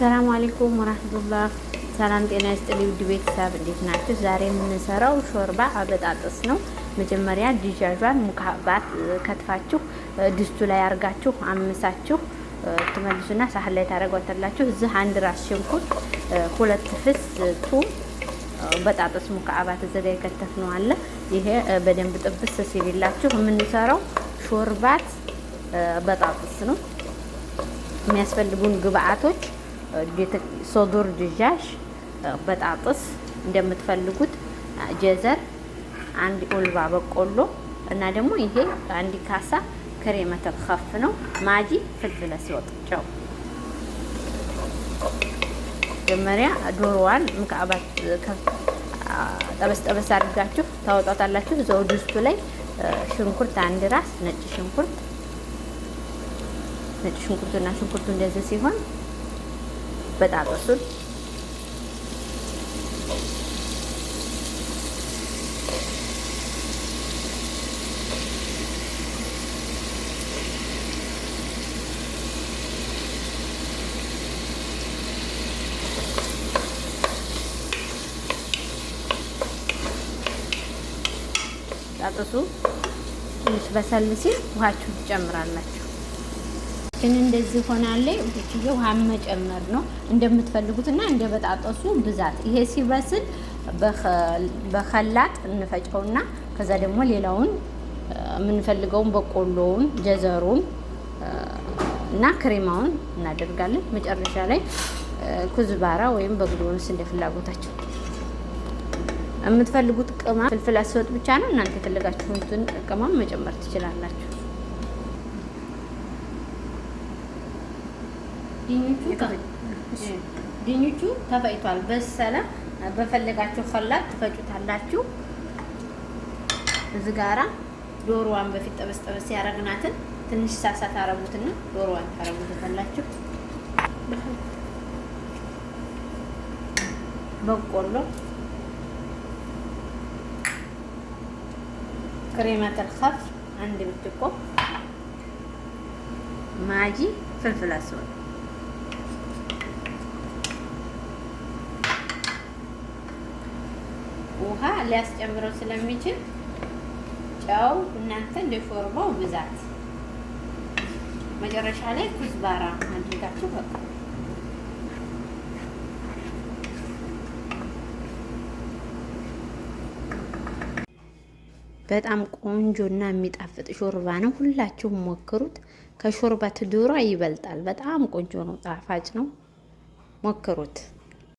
ሰላም አለይኩም ወራህመቱላህ። ሰላም ጤና ይስጥልኝ ውድ ቤተሰብ እንዴት ናችሁ? ዛሬ የምንሰራው ሾርባ አበጣጥስ ነው። መጀመሪያ ዲጃጇን ሙካባት ከትፋችሁ ድስቱ ላይ አርጋችሁ አምሳችሁ ትመልሱና ሳህን ላይ ታደርጓታላችሁ። እዚህ አንድ ራስ ሽንኩርት፣ ሁለት ፍስ ቱም በጣጥስ ሙካባት እዘጋ የከተፍ ነው አለ። ይሄ በደንብ ጥብስ ሲልላችሁ የምንሰራው ሾርባት በጣጥስ ነው። የሚያስፈልጉን ግብአቶች ሶዱር ድዣሽ በጣጥስ እንደምትፈልጉት ጀዘር አንድ ኡልባ በቆሎ እና ደግሞ ይሄ አንድ ካሳ ክሬመተ ከፍ ነው። ማጂ ፍልፍለ ሲወጥ ጨው መጀመሪያ ዶሮዋን ምክአባት ጠበስ ጠበስ አድርጋችሁ ታወጣታላችሁ። ዘው ድስቱ ላይ ሽንኩርት አንድ ራስ ነጭ ሽንኩርት ነጭ ሽንኩርቱና ሽንኩርቱ እንደዚህ ሲሆን በጣም እሱን ጣጥሱ ትንሽ በሰል ሲል ውሃችሁን ትጨምራላችሁ። ግን እንደዚህ ሆናለይ ብቻዬ ውሃ መጨመር ነው እንደምትፈልጉት እና እንደ በጣጠሱ ብዛት። ይሄ ሲበስል በከላጥ እንፈጨውና ከዛ ደግሞ ሌላውን የምንፈልገውን በቆሎውን፣ ጀዘሩን እና ክሬማውን እናደርጋለን። መጨረሻ ላይ ኩዝባራ ወይም በግዶንስ እንደ ፍላጎታቸው የምትፈልጉት ቅመም ፍልፍል አስወጥ ብቻ ነው። እናንተ የፈለጋችሁትን ቅመም መጨመር ትችላላችሁ። ድኞቹ ተፈይቷል ተፈጭቷል። በሰለ በፈለጋችሁ ከላት ትፈጩታላችሁ። እዚህ ጋራ ዶሮዋን በፊት ጠበስ ጠበስ ያረግናትን ትንሽ ሳሳ ታረጉትና ዶሮዋን ታረጉታላችሁ። በቆሎ ክሬማት ከፍ አንድ ብርጭቆ ማጂ ፍልፍል አስወል ውሃ ሊያስጨምረው ስለሚችል ጨው እናንተ እንደ ሾርባው ብዛት መጨረሻ ላይ ኩዝባራ አድርጋችሁ በቃ በጣም እና የሚጣፍጥ ሾርባ ነው። ሁላችሁም ሞክሩት። ከሾርባ ትዱራ ይበልጣል። በጣም ቆንጆ ነው፣ ጣፋጭ ነው። ሞክሩት።